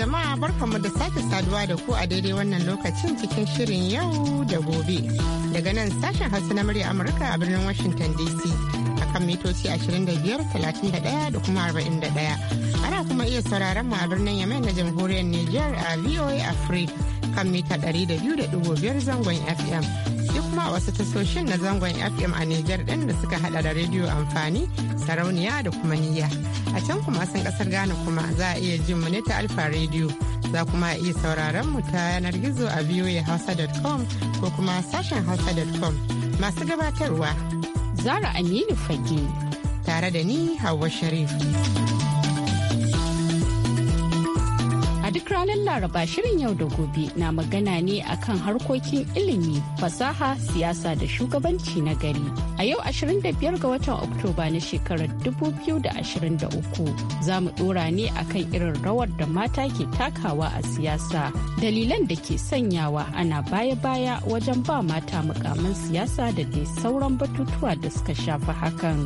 Jama'a barkanmu da sake saduwa da ku a daidai wannan lokacin cikin shirin yau da gobe. Daga nan sashen Hausa na murya Amurka a birnin Washington DC a kan mitoci 25, 31 da kuma 41. Ana kuma iya sauraron mu a birnin Yemen na jamhuriyar Nijar a VOA Africa kan mita 200.5 zangon FM. duk kuma wasu tasoshin na zangon FM a Nijar ɗin da suka hada da rediyo amfani, sarauniya da kuma niyya. A can kuma sun ƙasar Ghana kuma za a iya jin mu ne ta Alfa rediyo Za kuma a iya sauraron mu ta yanar gizo a voahausa.com ko kuma sashen hausa.com. Masu gabatarwa. Zara Aminu Fage. Tare da ni Hauwa Sharif. ranar Laraba shirin yau da gobe na magana ne akan harkokin ilimi, fasaha, siyasa da shugabanci na gari. A yau 25 ga watan Oktoba na shekarar 2023 za mu dora ne akan irin rawar da mata ke takawa a siyasa, dalilan da ke sanyawa ana baya-baya wajen ba mata mukamin siyasa da dai sauran batutuwa da suka shafi hakan.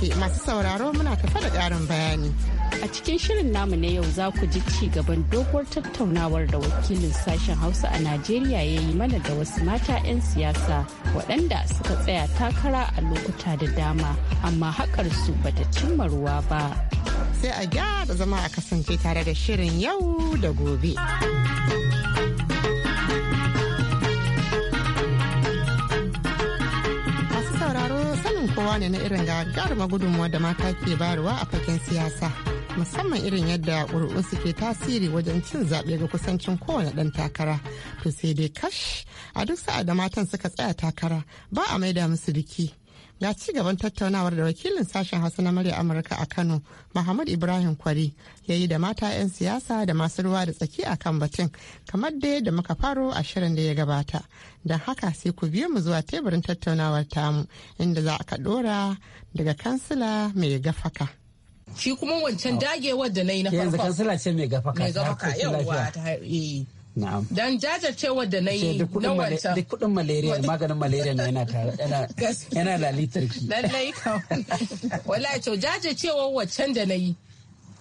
ke masu sauraro muna tafa da ƙarin bayani. A cikin shirin namu na yau za ku ji ci gaban doguwar tattaunawar da wakilin sashen Hausa a Najeriya ya yi mana da wasu mata 'yan siyasa waɗanda suka tsaya takara a lokuta da dama amma haƙarsu bata cimma ruwa ba. Sai a gyara zama a kasance tare da shirin yau da gobe. kowa ne na irin gagarumar gudunmuwa da mata ke bayarwa a fagen siyasa musamman irin yadda ƙuri'un suke tasiri wajen cin zaɓe ga kusancin kowane ɗan takara to sai dai kash a duk sa'a da matan suka tsaya takara ba a maida musu riki ya ci gaban tattaunawar da wakilin sashen hausa na murya amurka a kano muhammad ibrahim kwari ya yi da mata 'yan siyasa da masu ruwa da tsaki a kan batun kamar da yadda muka faro a shirin da ya gabata don haka sai ku biyo mu zuwa teburin tattaunawar tamu inda za a ka dora daga kansila mai gafaka shi kuma wancan dagewar da na yi na farko yanzu kansila ce mai gafaka mai gafaka yawwa Na'am. Dan jajace da na yi na wancan. Duk kudin malaria maganin malaria na yana tare yana lalitar ki. Lallai kam. Wallahi to jajace waccan da na yi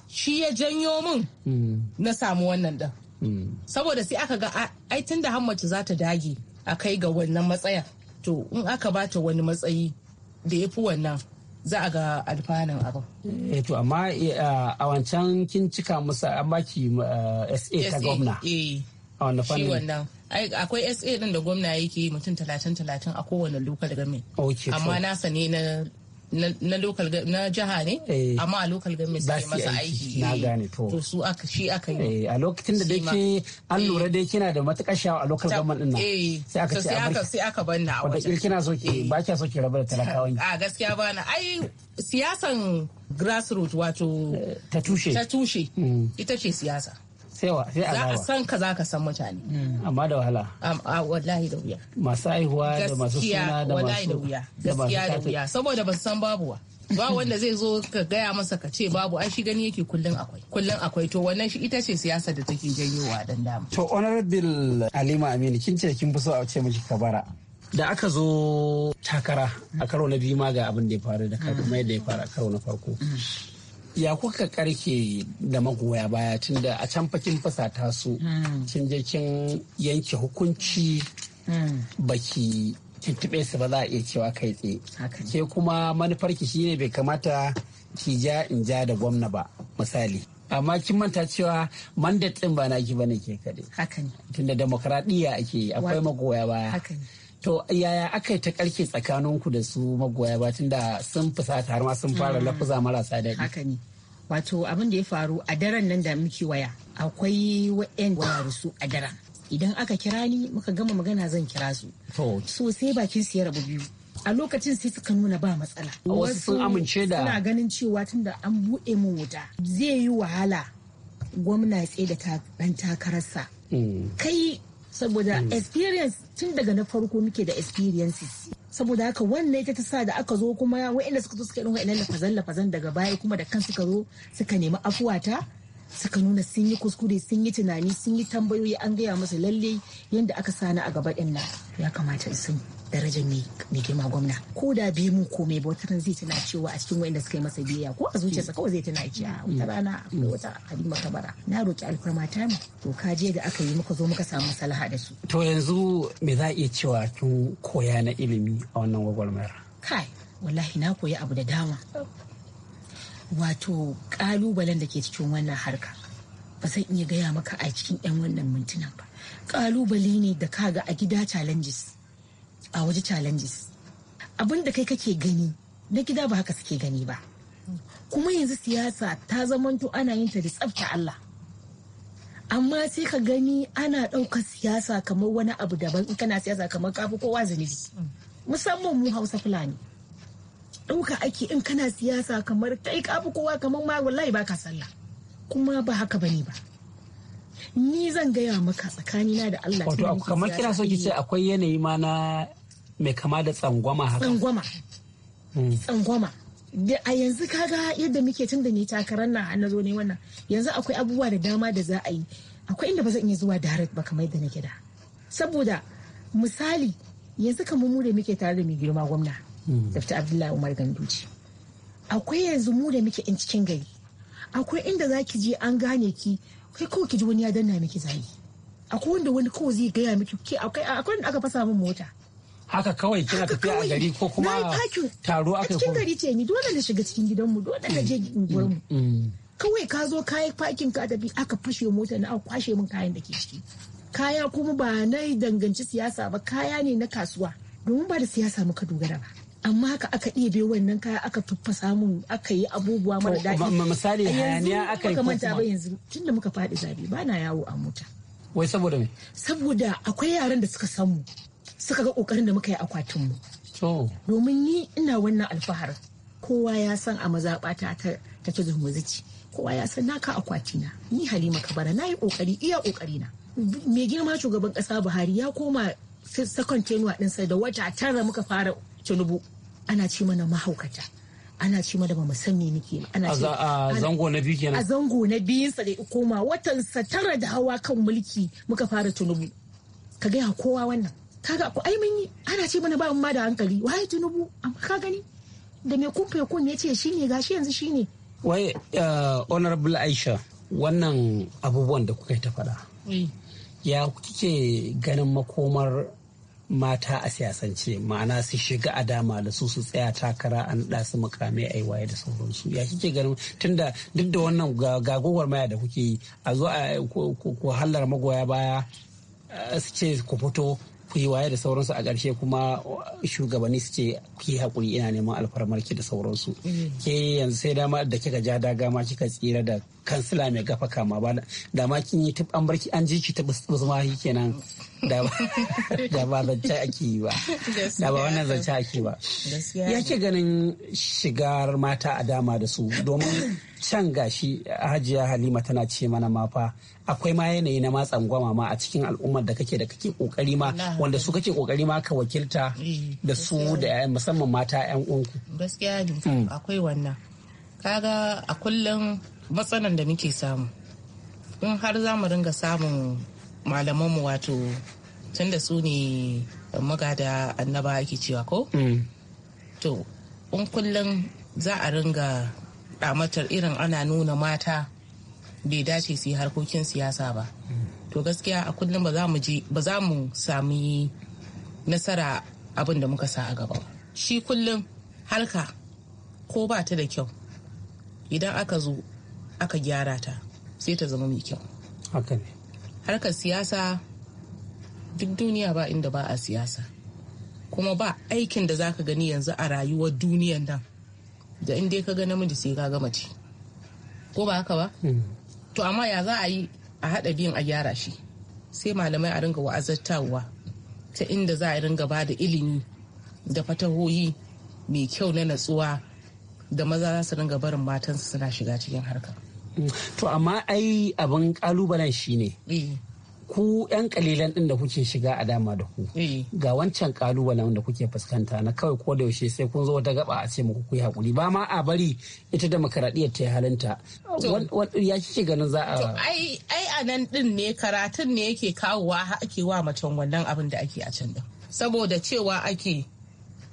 shi ya janyo min mm. na samu wannan da. Mm. Saboda sai aka ga ai tun da hammace za ta dage a kai ga wannan matsaya. To in aka ba ta wani matsayi da ya fi wannan za a ga alfanan abu. Eh to amma eh, a wancan kin cika musa amma ki eh, SA ta gwamna. Eh. a wanda fannin wannan akwai SA din da gwamna yake mutum talatin talatin a kowane local government amma nasa ne na na local na jiha ne eh, amma a local government sai masa aiki na gane to to su aka shi aka yi eh, a lokacin da dake an eh. lura dai kina da matukar shawa a local government din nan sai aka ce aka sai aka banna a wajen kina so ki ba kya so ki rabu da talakawan a gaskiya ba na ai siyasan grassroots wato ta tushe ta tushe mm. ita ce siyasa sai a san ka za ka san mutane mm. amma da wahala a wallahi da wuya masu aihuwa da masu suna da masu da wuya gaskiya da wuya saboda ba san babuwa ba wanda zai zo ka gaya masa ka ce babu ai shi gani yake kullun akwai kullun akwai to wannan shi ita ce siyasa da take janyowa dan dama to honorable alima aminu kin ce kin fi so a ce miki kabara da aka zo takara a karo na biyu ma ga abin da ya faru da mm. kuma yadda ya faru a karo na farko mm. ya kuka karke da magoya baya tun da a can fakin fasata su. Hmm. kin je kin yanke hukunci hmm. baki tuntube su ba za a iya cewa kai tsaye ke kuma manufarki shine bai kamata ki ja in ja da gwamna ba misali amma kin manta cewa mandat din ba naki bane ke kaɗai tunda demokradiyya ake akwai magoya baya To yaya aka yi ta tsakanin ku da su magoya ba da sun fusata har ma sun fara mm. lafuza marasa daɗi. Haka ne. Wato abin da ya faru a daren nan da muke waya akwai wa'yan wayar su a daren. Idan aka kira ni muka gama magana zan kira su. So sai bakin su ya rabu biyu. A lokacin sai suka nuna ba matsala. Wasu sun amince da. Suna ganin cewa tunda an buɗe mun wuta zai yi wahala gwamna tsaye da ɗan takararsa. Mm. Kai saboda hmm. experience tun daga na farko muke da experiences saboda haka wannan ita ta sa da aka zo kuma wa'inda suka zo suka irin wa'innan lafazan lafazan daga baya kuma da kan suka zo suka nemi afuwata suka nuna sun yi kuskure sun yi tunani sun yi tambayoyi an gaya masa lalle yadda aka sani a gaba ɗin nan ya kamata in sani darajar mai girma gwamna ko da bai mu komai ba wata zai tana cewa a cikin wayanda suka yi masa biyayya ko a zuciyarsa kawai zai tana a ah, wata rana akwai wata halima bara na roki alfarma ta mu to ka je da aka yi muka zo muka samu salaha da su to yanzu me za a iya cewa kin koya na ilimi a wannan gwagwarmayar kai wallahi na koyi abu da dama wato kalubalen da ke cikin wannan harka ba zan iya gaya maka a cikin 'yan wannan mintunan ba kalubale ne da kaga a gida challenges a waje challenges abin da kai kake gani na gida ba haka suke gani ba kuma yanzu siyasa ta zamanto ana yin ta da tsabta Allah amma sai ka gani ana ɗaukar siyasa kamar wani abu daban in kana siyasa kamar kafi kowa zunubi musamman mu hausa fulani ɗauka ake in kana siyasa kamar kai kafi kowa kamar ma wallahi baka sallah kuma ba haka bane ba ni zan gaya maka tsakanina da Allah wato kamar kira so ki ce akwai yanayi ma na mai kama da tsangwama haka tsangwama hmm. tsangwama a yanzu kaga yadda muke tun da ni takarar na na zo ne wannan yanzu akwai abubuwa da dama da za a yi akwai inda ba zan iya zuwa direct ba kamar yadda na gida saboda misali yanzu kamar mu da muke tare da mai girma gwamna hmm. Dr. Abdullahi Umar Ganduji akwai yanzu mu da muke in cikin gari akwai inda za ki je an gane ki kai kawai ki ji wani ya danna miki zagi akwai wanda wani kawai zai gaya miki akwai akwai aka fasa min mota haka kawai kina tafiya a gari ko kuma taro aka cikin gari ce ni dole na shiga cikin gidanmu dole na je mm. gurin mm. mm. kawai ka zo kayi fakin ka da bi aka fashe mota na aka kwashe min kayan da ke ciki kaya kuma ba na danganci siyasa ba kaya ne na kasuwa domin ba da siyasa muka dogara ba amma haka aka ɗebe wannan kaya aka tuffasa mun aka yi abubuwa mara daɗi misali hayaniya aka yi manta ba yanzu tunda muka faɗi zabi ba na yawo a mota wai saboda me saboda akwai yaran da suka samu suka ga kokarin da muka yi akwatin mu domin ni ina wannan alfahar kowa ya san a mazaɓata ta ta zumuzuci kowa ya san naka akwatina ni halima kabara na yi kokari iya kokari na mai girma shugaban kasa buhari ya koma sakon tenuwa ɗinsa da wata tara muka fara tunubu ana ci mana mahaukata ana ci mana ba mu san me nake ba ana ce a zango na biyu kenan a zango na biyun sa da koma watan sa tara da hawa kan mulki muka fara tunubu ka ga kowa wannan kaga ko ai mun yi ana ce mana ba mu ma da hankali waye tunubu amma ka gani da mai kumfe kun ya ce shine gashi yanzu shine wai eh, honorable aisha wannan abubuwan da kuka yi ta faɗa eh. ya kike ganin makomar mata a siyasance ma'ana su shiga a dama da su su tsaya takara an da su makamai a waye da sauransu ya kike ganin tunda duk da wannan gagowar maya da kuke yi a zo a ku hallar magoya baya eh, su ce ku fito ku yi waye da sauransu a ƙarshe kuma shugabanni su ce ku yi haƙuri ina neman alfarmarki da sauransu mm. ke yanzu sai dama da kika ja daga ma kika tsira da kansila mai gafa kama ba da ma kin yi tuf an barki an ji ki ta zama yi kenan da ba zance ake yi ba da ba wannan zance ake ba ya ke ganin shigar mata a dama da su domin can gashi hajiya halima tana ce mana mafa akwai ma yanayi na matsan gwama ma a cikin al'ummar da kake da kake kokari ma wanda su kake kokari ma ka wakilta eh, da su da musamman mata yan uwanku gaskiya hmm. akwai wannan kaga a kullum matsalan da muke samu in har za mu ringa samun malamanmu wato tun da su ne magada annaba ake cewa ko mm. to in kullum za a ringa damatar irin ana nuna mata bai dace su yi harkokin siyasa ba to gaskiya a kullum ba za mu sami nasara abin da muka sa a gaba shi kullum harka ko ba ta da kyau idan aka zo aka gyara ta sai ta zama mai kyau harkar siyasa duk duniya ba inda ba a siyasa kuma ba aikin da zaka gani yanzu a rayuwar duniyan nan da in ka ga namiji sai ka ga mace ko ba haka ba hmm. to amma ya za a yi a haɗa biyan a gyara shi sai malamai a ringa wa'azantarwa ta inda za a ringa ba da ilimi da fatahoyi mai kyau na natsuwa da maza za su ringa barin matansu suna shiga cikin harkar to amma ai abin kalubalen shine eh. ku yan kalilan din da kuke shiga a dama da ku eh. ga wancan kalubalen da kuke fuskanta na kawai ko da yaushe sai kun zo wata gaba a ce muku ku yi hakuri ba ma a bari ita demokaradiyyar ta yi halinta ya kike ganin za a ai a nan din ne karatun ne yake kawowa ake wa macen wannan abin da ake a can din saboda cewa ake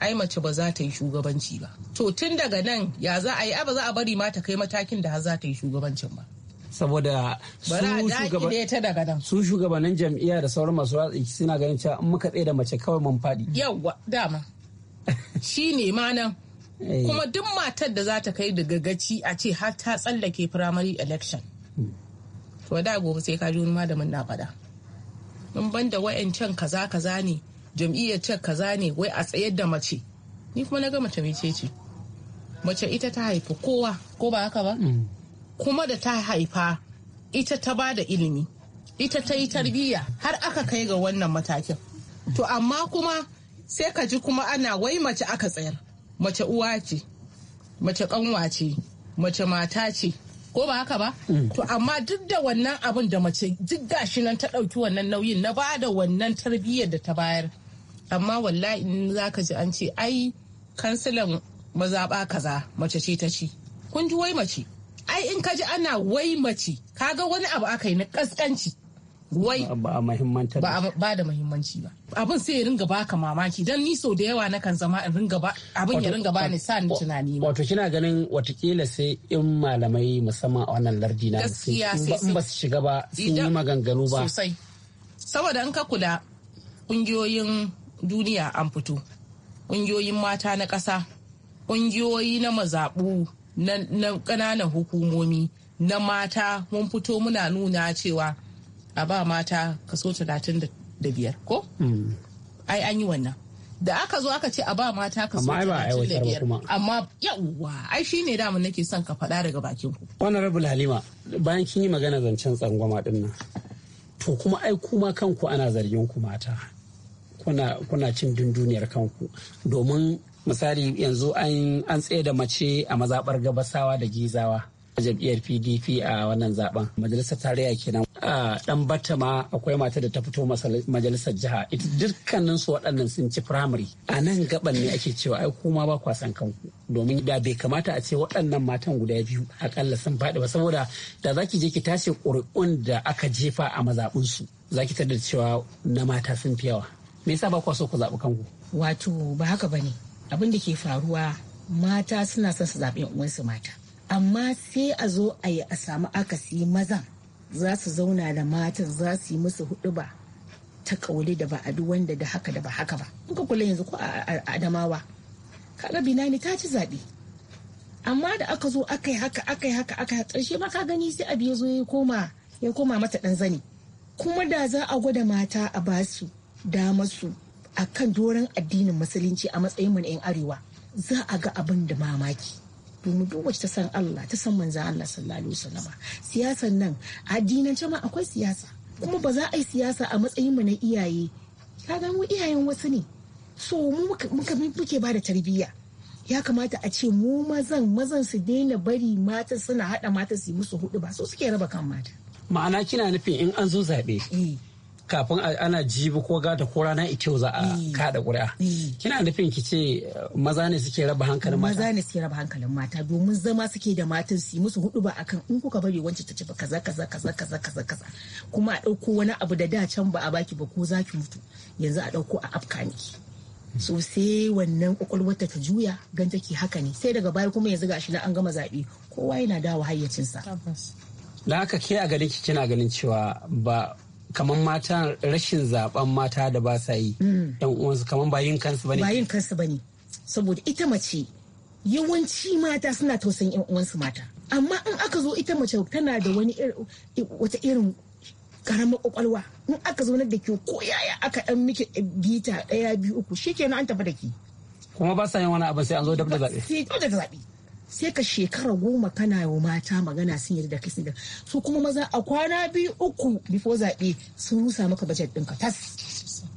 ai mace ba za ta yi shugabanci ba to tun daga nan ya za a yi ba za a bari ma ta kai matakin da za ta yi shugabancin ba saboda su shugabannin jam'iyya da sauran masu watsa suna ganin cewa in muka tsaye da mace kawai mun faɗi yawwa dama shi ne ma nan eh. kuma duk matar da za ta kai daga gaci a ce har ta tsallake primary election hmm. to da gobe sai ka ji wani malamin na faɗa in ban da wa'ancan kaza kaza ne jam'iyyar ce kaza ne wai a tsayar da mace ni kuma na ga mace mai ce mace ita ta haifi kowa ko ba haka ba mm. kuma da ta haifa ita ta ba da ilimi ita ta yi tarbiyya har aka kai ga wannan matakin to amma kuma sai ka ji kuma ana wai mace aka tsayar mace uwa ce mace kanwa ce mace mata ce ko ba haka ba mm. to amma duk da wannan abin da mace duk gashi nan ta ɗauki wannan nauyin na ba da wannan tarbiyyar da ta bayar amma wallahi in za ka ji an ce ai kansilan mazaɓa kaza mace ce ta ci kun ji wai mace ai in ka ji ana wai mace ka ga wani abu aka yi na kaskanci wai ba da muhimmanci ba abin sai ya ringa baka mamaki don ni sau da yawa na kan zama in ringa ba abin ya ringa ba ni sa ni tunani ba wato kina ganin watakila sai in malamai musamman a wannan lardi na in ba su shiga ba sun yi maganganu ba sosai saboda in ka kula kungiyoyin duniya an fito ƙungiyoyin mata na ƙasa ƙungiyoyi na mazaɓu na ƙananan hukumomi na mata mun fito muna nuna cewa a ba mata kaso talatin da biyar ko? Hmm. ai an yi wannan da aka zo aka ce a ba mata kaso talatin da biyar amma yawwa ai shi ne damun nake son ka faɗa daga bakin ku. honorable halima bayan kin magana zancen tsangwama ɗin nan to kuma ai kuma kanku ana zargin ku mata kuna, kuna cin dunduniyar kanku domin misali yanzu an tsaye da mace a mazaɓar gabasawa da gizawa a jam'iyyar pdp a wannan zaben majalisar tarayya kenan a dan ma akwai mata da ta fito majalisar jiha ita dukkanin su waɗannan sun ci firamare a nan gaban ne ake cewa ai kuma ba kwasan kanku domin da bai kamata a ce waɗannan matan guda biyu akalla sun faɗi ba saboda da zaki je ki tashi ƙuri'un da aka jefa a mazaɓinsu zaki tada cewa na mata sun fi yawa me yasa ba ku so ku zaɓi kanku wato ba haka ne abin da ke faruwa mata suna son su zaɓi uwansu mata amma sai a zo a yi a samu akasi mazan za su zauna da matan za su yi musu hudu ba ta kauli da ba a wanda da haka da ba haka ba in ka kula yanzu ko a adamawa kaga binani ta ci zaɓe amma da aka zo aka yi haka aka yi haka aka ƙarshe ma ka gani sai abu ya zo ya koma ya koma mata ɗan zani kuma da za a gwada mata a basu damasu su kan doron addinin musulunci a matsayin mu na 'yan arewa za a ga abin da mamaki domin duk wacce ta san Allah ta san manzan Allah sallallahu alaihi wasallam siyasan nan addinan ma akwai siyasa kuma ba za a yi siyasa a matsayin mu na iyaye ka ga mu iyayen wasu ne so mu muka muke ba da tarbiyya ya kamata a ce mu mazan mazan su daina bari mata suna hada mata su yi musu hudu ba so suke raba kan mata ma'ana kina nufin in an zo zabe eh. kafin ana jibi ko gata ko rana ita za a eh. kada ƙuri'a eh. kina nufin ki ce eh, maza ne suke raba hankalin mata maza ne suke raba hankalin mata domin zama suke da matan su musu hudu ba akan in kuka bari wancan ta ci ba kaza kaza kaza kaza kaza kaza kuma a ɗauko wani abu da da can ba a baki ba ko za ki mutu yanzu a ɗauko a afka miki so sai wannan kwakwalwarta ta juya gan take haka ne sai daga baya kuma yanzu gashi na an gama zaɓe kowa yana dawo hayyacinsa da haka ke a ganin ki kina ganin cewa ba kamar mata rashin zaben mata da ba sa yi mm. yan uwansu kamar bayin kansu bane Bayin kansu bane saboda ita mace yawanci mata suna tausayin yan uwansu mata amma in aka zo ita mace tana da wani wata irin karamar kwakwalwa in aka zo da ke ko yaya aka dan miki bita daya biyu uku shikenan an tafi da ki kuma ba sa yin wani abu sai an zo dab da zabe sai da zabe sai ka shekara goma kana wa mata magana sun yarda kai sun su kuma maza a kwana biyu uku before zaɓe sun rusa maka bajet ɗin ka tas.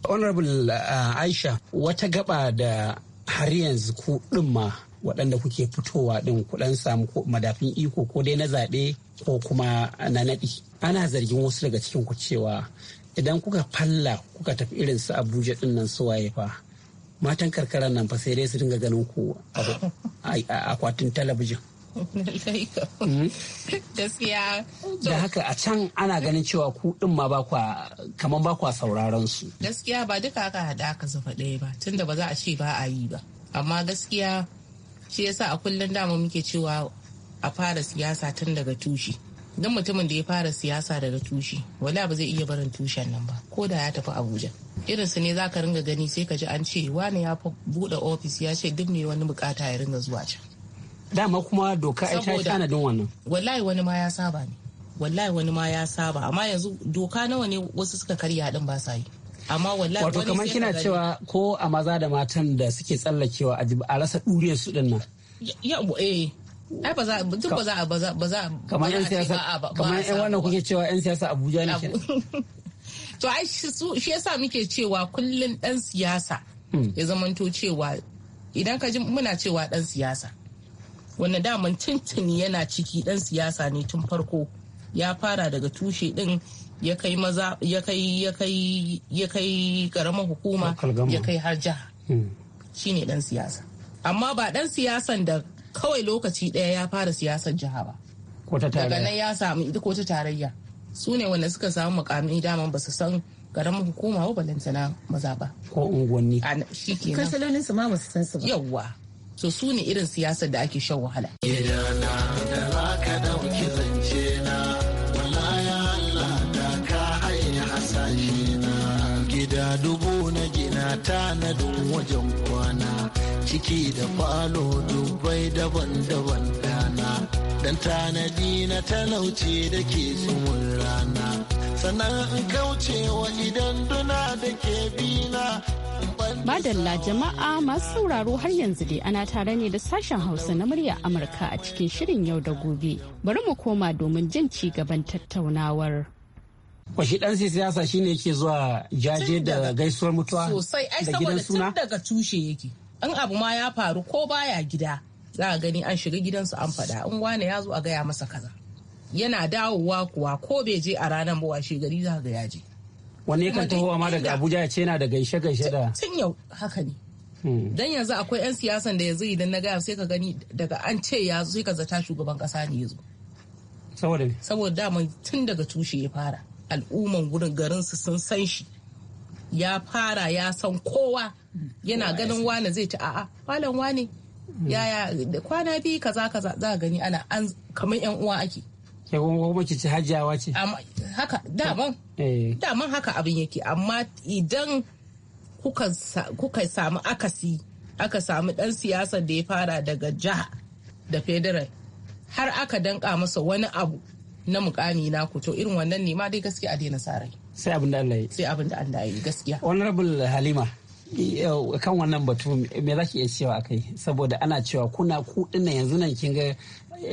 honorable uh, aisha wata gaba da har yanzu ku ɗin ma waɗanda kuke fitowa ɗin kuɗan samu madafin iko ko dai na zaɓe ko kuma na naɗi ana zargin wasu daga cikin ku cewa idan kuka falla kuka tafi irin su abuja ɗin nan su waye fa matan karkarar nan fa sai dai su dinga ganin ku a akwatin talabijin hmm? da haka a can ana ganin cewa ku din ma ba kwa kaman ba kwa sauraron su gaskiya ba duka aka haɗa aka zafa ɗaya ba tunda ba za a ce ba a yi ba amma gaskiya shi yasa a kullum dama muke cewa a fara siyasa tun daga tushe don mutumin da ya fara siyasa daga tushe wala ba zai iya barin tushen nan ba ko da ya tafi abuja irin su ne za ka ringa gani sai ka ji an ce wani ya buɗe ofis ya ce duk ne wani bukata ya ringa zuwa can dama kuma doka ai ta tanadin wannan wallahi wani ma ya saba ne wallahi wani ma ya saba amma yanzu doka nawa ne wasu suka karya din ba sa yi amma wallahi wato kamar kina cewa ko a maza da matan da suke tsallakewa a rasa ɗuriyar su din nan eh ai ba za a ba za ba za ba za kamar yan siyasa kamar yan wannan kuke cewa yan siyasa Abuja ne to ai shi yasa muke cewa kullun dan siyasa hmm. ya zamanto cewa idan ka ji muna cewa dan siyasa wanda daman tuntuni yana ciki dan siyasa ne tun farko ya fara daga tushe din ya kai maza ya kai ya kai ya kai karamar hukuma ya kai har jiha hmm. shine dan siyasa amma ba dan siyasan da kawai lokaci ɗaya ya fara siyasar jiha ba daga nan ya samu ita ko ta tarayya su ne wanda suka samu mukamin daman ba su san garin hukuma ba balantana maza ba ko unguwanni shi ke kansalolin su ma ba su san su ba yawwa so su ne irin siyasar da ake shan wahala gidana da ba ka dauki dubu na gina tanadin wajen kwana ciki da falo dubbai daban-daban dana dan tanadi na talauce da ke tsumin rana sannan in kaucewa idan duna da ke bina Madalla jama'a masu sauraro har yanzu dai ana tare ne da sashen Hausa na murya Amurka a cikin shirin yau da gobe. Bari mu koma domin jin ci gaban tattaunawar. Kwashi dan siyasa shine yake zuwa jaje da gaisuwar mutuwa sosai ai saboda tun daga tushe yake in abu ma ya faru ko baya gida za a gani an shiga gidansu an faɗa in wane ya zo a gaya masa kaza yana dawowa kuwa ko bai je a ranar ba washe gari za ga yaje. je wani yakan taho ma daga abuja ya ce yana da gaishe gaishe da tun yau haka ne hmm. dan yanzu akwai yan siyasan da yanzu idan na gaya sai ka gani daga an ce ya zo sai ka zata shugaban kasa ne ya zo saboda saboda dama tun daga tushe ya fara al'umman gurin garinsu sun san shi ya fara ya san kowa yana ganin wane zai ci a'a falon wane yaya kwana biyu kaza kaza za gani ana an kamar yan uwa ake ya kuma ki ci hajjawa ce haka daman eh. daman haka abin yake amma idan kuka samu akasi aka samu dan siyasa da ya fara daga jiha da federal har aka danka masa wani abu na mukami na ku to irin wannan ne ma dai gaskiya a daina sarai sai abin da Allah yi sai abin da Allah yi gaskiya honorable halima kan wannan batu me za ki iya cewa akai saboda ana cewa kuna ku yanzu nan kin ga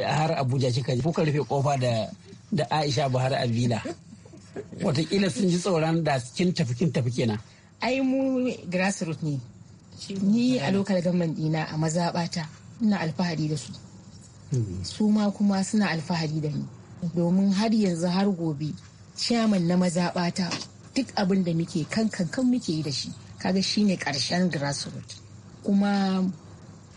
har Abuja kika ji kuka rufe kofa da da Aisha Buhari Abila watakila sun ji tsoron da kin tafi kin tafi kenan ai mu grassroots ne ni a lokal government dina a mazaɓata ina alfahari da su hmm. su ma kuma suna alfahari da ni domin har yanzu har gobe ciyaman na mazaɓata duk abin da muke kan kan muke yi da shi kaga ne ƙarshen grassroots kuma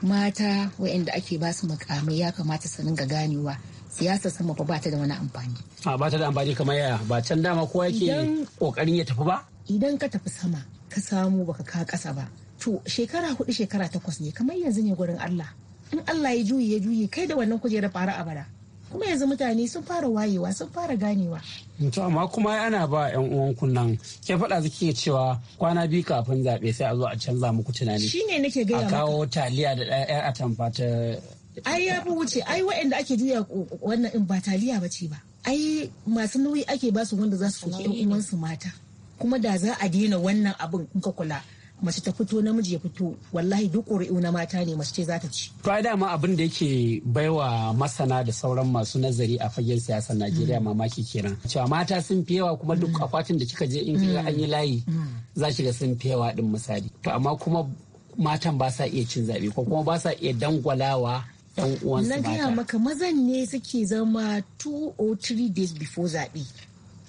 mata waɗanda ake ba su makamai ya kamata su ga ganewa siyasa sama fa ba ta da wani amfani. A ba ta da amfani kamar yaya ba can dama kowa yake kokarin ya tafi ba? Idan ka tafi sama ka samu baka ka kasa ba. To shekara hudu shekara takwas ne kamar yanzu ne gurin Allah. In Allah ya juye ya juye kai da wannan kujerar fara bara. kuma yanzu mutane sun fara wayewa sun fara ganewa to amma kuma ana ba yan uwan kunnan ke faɗa zaki cewa kwana biyu kafin zaɓe sai a zo a canza muku tunani shine nake gaya maka. a kawo taliya da ɗaya a tamfa ta ai ya fi wuce ai waɗanda ake juya wannan in ba taliya ba ce ba ai masu nauyi ake ba su wanda za su soki yan uwansu mata kuma da za a daina wannan abin in ka kula mace ta fito namiji ya fito wallahi duk ƙuri'u na mata ne mace ce za ta ci. To a dama abin da yake baiwa masana da sauran masu nazari a fagen siyasar Najeriya mm. mamaki kenan. Cewa mata sun fi yawa kuma duk mm. akwatin da kika je in kai an yi mm. layi za ki ga sun fi yawa din misali. To amma kuma matan ba sa iya cin zaɓe ko kuma ba sa iya dangwalawa yan uwansu mata. Na gaya maka mazan ne suke zama two or three days before zaɓe.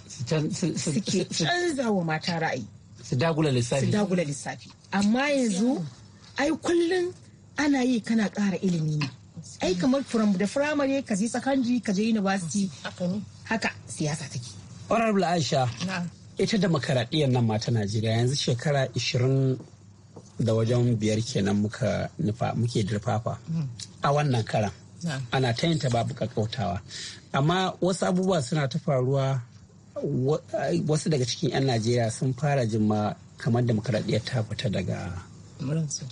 Suke canza wa mata ra'ayi. su dagula lissafi su dagula lissafi amma yanzu ai kullum ana yi kana kara ilimi ne ai kamar from da firamare ka je secondary ka je university haka siyasa take honorable aisha ita da makaradiyar nan mata najeriya yanzu shekara 20 da wajen biyar kenan muka nufa muke dirfafa a wannan karan ana ta yin ta babu kakkautawa amma wasu abubuwa suna ta faruwa wasu daga cikin 'yan najeriya sun fara jin ma kamar demokaradiyyar ta fita daga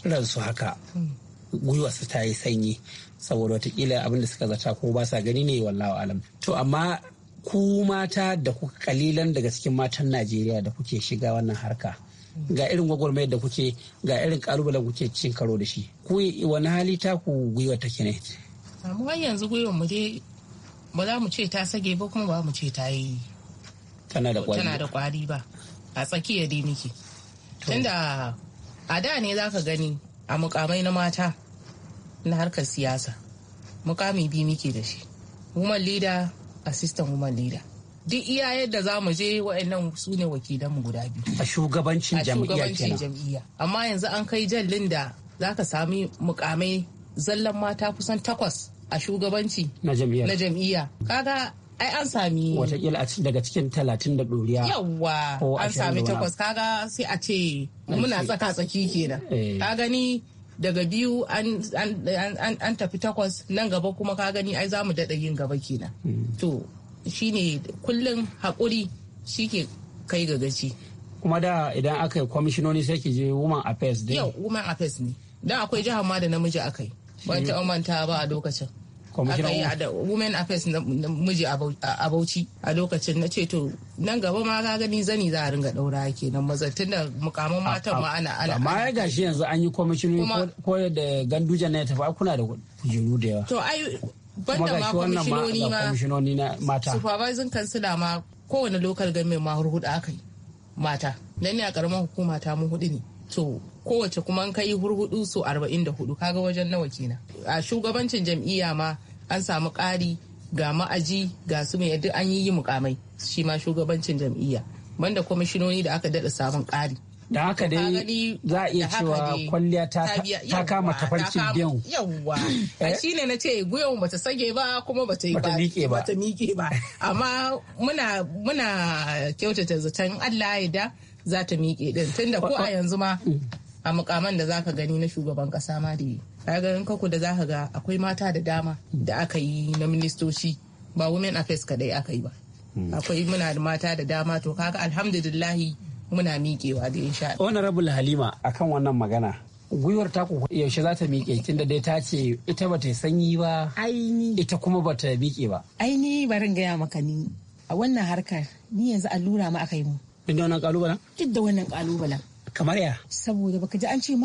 ransu haka hmm. su ta yi sanyi saboda watakila abinda suka zata ko ba sa gani ne wallawa alam to amma ku mata da kuka kalilan daga cikin matan najeriya da kuke shiga wannan harka hmm. ga irin gwagwarmayar da kuke ga irin kalubalen kuke cin karo da shi ku wani hali ta ku gwiwa take ne amma yanzu gwiwa mu dai ba za mu ce ta sage ba kuma ba mu ce ta yi tana da kwari tana da kwari ba a tsakiya dai miki tunda a da ne zaka gani a mukamai na mata na harkar siyasa mukami bi muke da shi woman leader assistant woman leader duk iya yadda za mu je wa'annan su ne mu guda biyu a shugabancin jam'iyya amma yanzu an kai jallin da za ka sami mukamai zallan mata kusan takwas a shugabanci na jam'iyya kaga ai an sami watakila a cikin, daga cikin talatin da ɗoriya yawwa an sami takwas kaga sai a ce muna tsaka tsaki kenan eh. ka gani daga biyu an tafi takwas nan gaba kuma ka gani ai za mu daɗa yin gaba kenan hmm. to shine kullum haƙuri shi ke kai ga gaci kuma da idan aka yi kwamishinoni sai ki je woman affairs ne. yau woman affairs ne dan akwai jihar ma da namiji akai ba ta manta ba a lokacin kwamishinan da women affairs na miji a bauchi a lokacin na ce to nan gaba ma ka gani zani za a ringa daura kenan maza tun da mukamin matan ma ana ana amma ya gashi yanzu an yi kwamishinoni ko da ganduja na ya tafi kuna da kujeru da yawa to ai banda ma kwamishinoni ma mata supervising kansila ma kowane lokal government ma hurhuda aka yi mata dan ne a karamar hukuma ta mu hudu ne to kowace kuma an kai hurhudu so 44 kaga wajen nawa kenan a shugabancin jam'iyya ma an samu ƙari ga ma'aji ga su mai yadda an yi mukamai shi ma shugabancin jam'iyya banda kwamishinoni da aka daɗa samun ƙari da haka dai za a iya cewa kwalliya ta kama tafarkin biyan yawwa a eh? shi ne na ce ba bata sage ba kuma bata yi bata miƙe ba amma muna kyautata zaton allah ya da za ta miƙe din tunda ko a yanzu ma a mukaman da zaka gani na shugaban kasa ma da a ga kako da zaka ga akwai mata da dama da aka yi na ministoci ba women affairs kadai aka yi ba hmm. akwai muna da mata da dama to kaga alhamdulillahi muna miƙewa da insha Allah honorable halima akan wannan magana gwiwar taku yaushe za ta miƙe tunda dai ta ce ita ba yi sanyi ba aini ita kuma ba ta miƙe ba aini barin gaya maka ni a wannan harkar ni yanzu allura ma aka yi mu duk da wannan kalubalen duk da wannan kalubalen kamar ya saboda baka ji an ce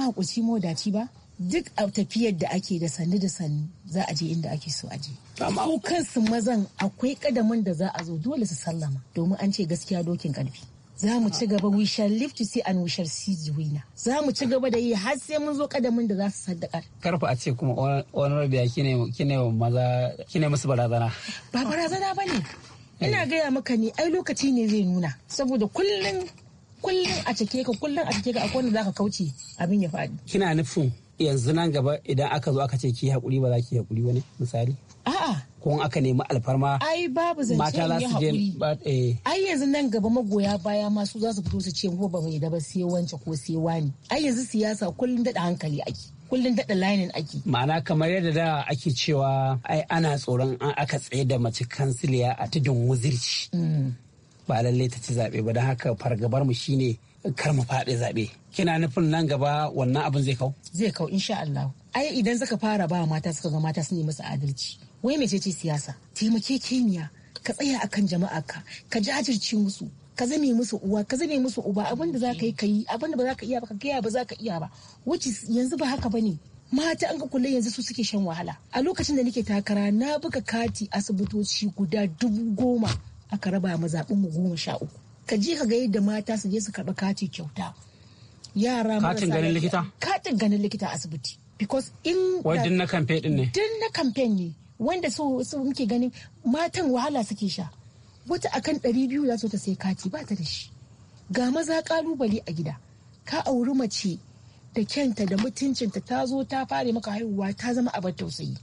mu dace ba duk a tafiyar da ake da sannu da sannu za a je inda ake so a je. Su kansu mazan akwai kadamin da za a zo dole su sallama domin an ce gaskiya dokin karfi. Za mu ci gaba we shall live to see and we shall see the winner. Za mu ci gaba da yi har sai mun zo kadamin da za su saddaka. Karfa a ce kuma wani rabiya kine maza kine musu barazana. Ba barazana ba ne. ina gaya maka ne ai lokaci ne zai nuna saboda kullum kullum a cike ka kullum a cike ka akwai wanda zaka kauce abin ya faɗi kina nufin yanzu nan gaba idan aka zo aka ce ki hakuri ba za ki hakuri wani misali a'a ko aka nemi alfarma ai babu zance mata za su je eh. ai yanzu nan gaba magoya baya ma su za su fito su ce ko ba mu da ba sai wance ko sai wani ai yanzu siyasa kullum daɗa hankali ake kullum daɗa layinin ake. Ma'ana kamar yadda da ake cewa ai ana tsoron an aka tsaye da mace kansiliya a tudun wuzirci. Ba lallai ta ci zaɓe ba don haka fargabar mu shine kar mu faɗi zaɓe. Kina nufin nan gaba wannan abin zai kau? Zai kau insha Allah. Ai idan zaka fara ba mata suka ga mata sun yi masu adalci. Wai mecece siyasa? Taimake kimiyya ka tsaya akan jama'a ka ka jajirce musu ka zame musu uwa ka zame musu uba abinda za ka yi ka yi abinda ba za ka iya ba ka gaya ba za ka iya ba wuce yanzu ba haka ba ne mata an ga kullum yanzu su suke shan wahala a lokacin da nake takara na buga kati asibitoci guda dubu goma aka raba ma mu goma sha uku ka je ka ga yadda mata su je su karɓi kati kyauta yara katin ganin likita katin ganin likita asibiti because in wai din na campaign din ne din na campaign ne wanda su muke ganin matan wahala suke sha wata akan ɗari biyu za ta sai kati ba ta da shi ga maza kalubale a gida ka auri mace da kyanta da mutuncinta ta zo ta fare maka haihuwa ta zama abar tausayi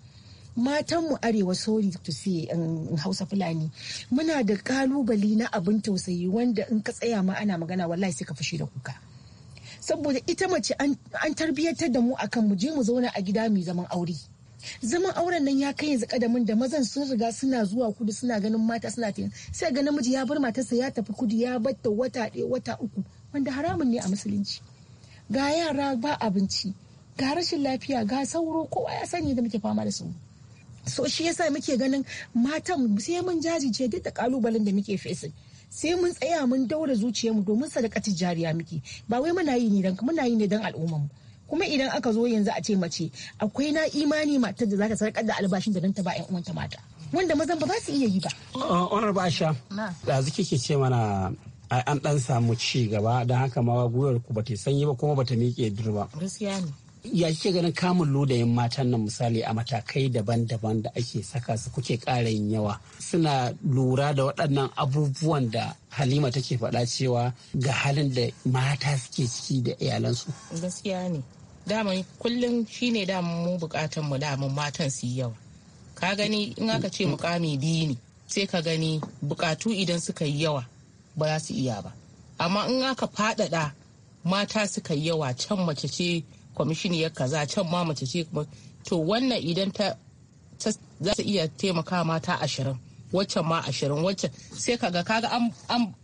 matanmu arewa sori to say in hausa fulani muna da kalubale na abin tausayi wanda in ka tsaya ma ana magana wallahi sai ka fushi da kuka saboda ita mace an tarbiyyantar da mu akan mu je mu zauna a gida mai zaman aure zaman auren nan ya kai yanzu kadamin da mazan sun riga suna zuwa kudu suna ganin mata suna tayin sai ga namiji ya bar matarsa ya tafi kudu ya batta wata ɗaya wata uku wanda haramun ne a musulunci ga yara ba abinci ga rashin lafiya ga sauro kowa ya sani da muke fama da su so shi yasa muke ganin matan sai mun jajice duk da kalubalen da muke fesin sai mun tsaya mun daura zuciyarmu domin sadaka jariya muke ba wai muna yi ne dan muna yi ne dan al'ummar mu kuma idan aka zo yanzu a ce mace akwai na imani matar da za ta sarkar da albashin da ta ba 'yan uwanta mata wanda mazan ba za su iya yi ba. Oh, Onar ba sha. Da zuke ke ce mana an dan samu ci gaba don haka ma gwiwar ku ba ta sanyi ba kuma ba ta miƙe durba. Gaskiya ne. ya ke ganin kamun lodayin matan nan misali a matakai daban-daban da ake saka su kuke ƙara yin yawa suna lura da waɗannan abubuwan da halima take faɗa cewa ga halin da mata suke ciki da iyalansu gaskiya ne dama kullum shine dama mu bukatan mu daman matan su yawa ka gani in aka ce mukami biyu ne sai ka gani bukatu idan suka yi yawa ba za su iya ba amma in aka faɗaɗa mata suka yi yawa can mace ce kwamishiniyar kaza can ma mace ce to wannan idan ta za su iya taimaka mata ashirin waccan ma ashirin waccan sai kaga kaga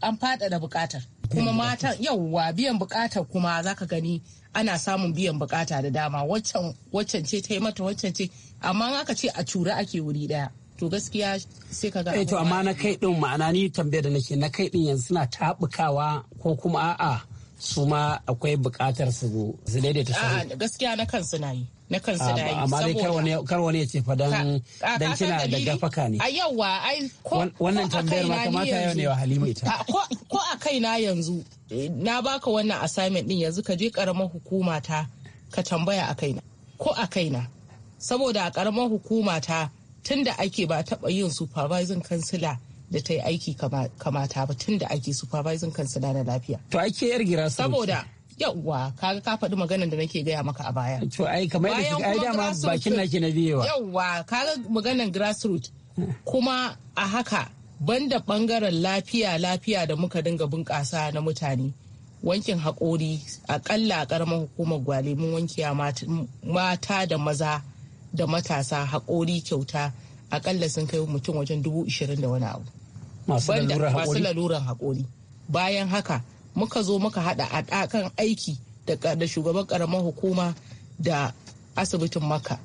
an fadada bukatar kuma matan yauwa biyan bukatar kuma za ka gani ana samun biyan bukata da dama waccan ce ta yi mata waccan ce amma aka ce a cura ake wuri daya to gaskiya sai ka ga eh, to amma na kai din ma'ana ni tambayar da nake na kai din yanzu suna tabukawa ko kuma a'a su ma akwai bukatar su su ta sahu gaskiya na kan suna yi na kansu da yi amma dai kar wani ya ce fa dan dan kina da gafaka ne a wa ai ko wannan tambayar ma kamata yau ne wa Halima ita ko a na yanzu eh, na baka wannan assignment din yanzu ka je karamar hukuma ta ka tambaya a kaina ko a kaina saboda a karamar hukuma ta tunda ake ba taba yin supervising kansila da ta yi aiki kamata ba tun da ake supervising kansila na lafiya. To ake yar gira Saboda yawwa kaga ka faɗi maganar da nake gaya maka a baya. To ai kamar da ai dama bakin nake na biyewa. Yawwa kaga maganar grassroots kuma a haka banda bangaren lafiya lafiya da muka dinga bunƙasa na mutane. wankin haƙori akalla a ƙaramar hukumar gwale mun wanke mata da maza da matasa haƙori kyauta akalla sun kai mutum wajen dubu ishirin da wani abu. masu laluran haƙori bayan haka muka zo muka haɗa a kan aiki da shugaban ƙaramar hukuma da asibitin maka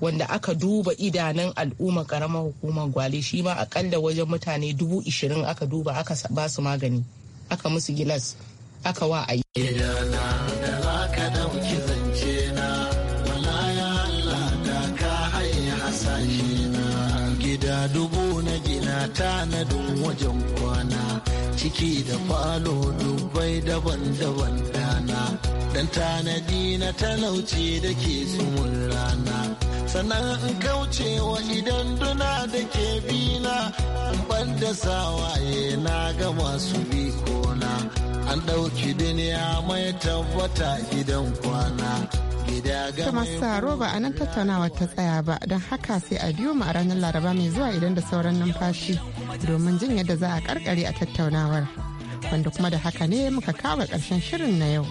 wanda aka duba idanun al'umma ƙaramar hukumar gwale shi ma akalla wajen mutane dubu ishirin aka duba aka ba su magani aka musu gilas aka wa ayi. ciki da falo dubbai daban-daban dana dan tanadi na talauci da ke tsumin rana sannan in kaucewa idan duna da ke bina in ban da sawaye na ga masu bikona an ɗauki duniya mai tabbata gidan kwana ta masu ba a nan tattaunawa ta tsaya ba don haka sai a biyo mu a ranar laraba mai zuwa idan da sauran numfashi domin jin yadda za a karkare a tattaunawar wanda kuma da haka ne muka kawo karshen shirin na yau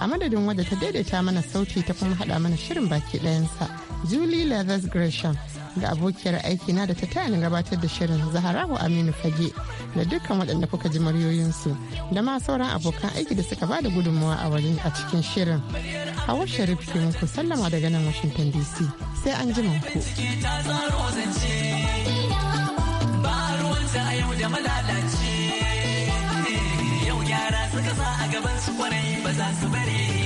a madadin wadda ta daidaita mana sauti ta kuma haɗa mana shirin baki ɗayansa Julie Leathers Gresham da abokiyar aiki na da ta taya ni gabatar da shirin Zaharawa Aminu Fage da dukkan waɗanda kuka ji muryoyinsu da ma sauran abokan aiki da suka bada gudunmawa a wajen a cikin shirin. Hawa Sharif ke muku sallama daga nan Washington DC sai an ji muku ba su bari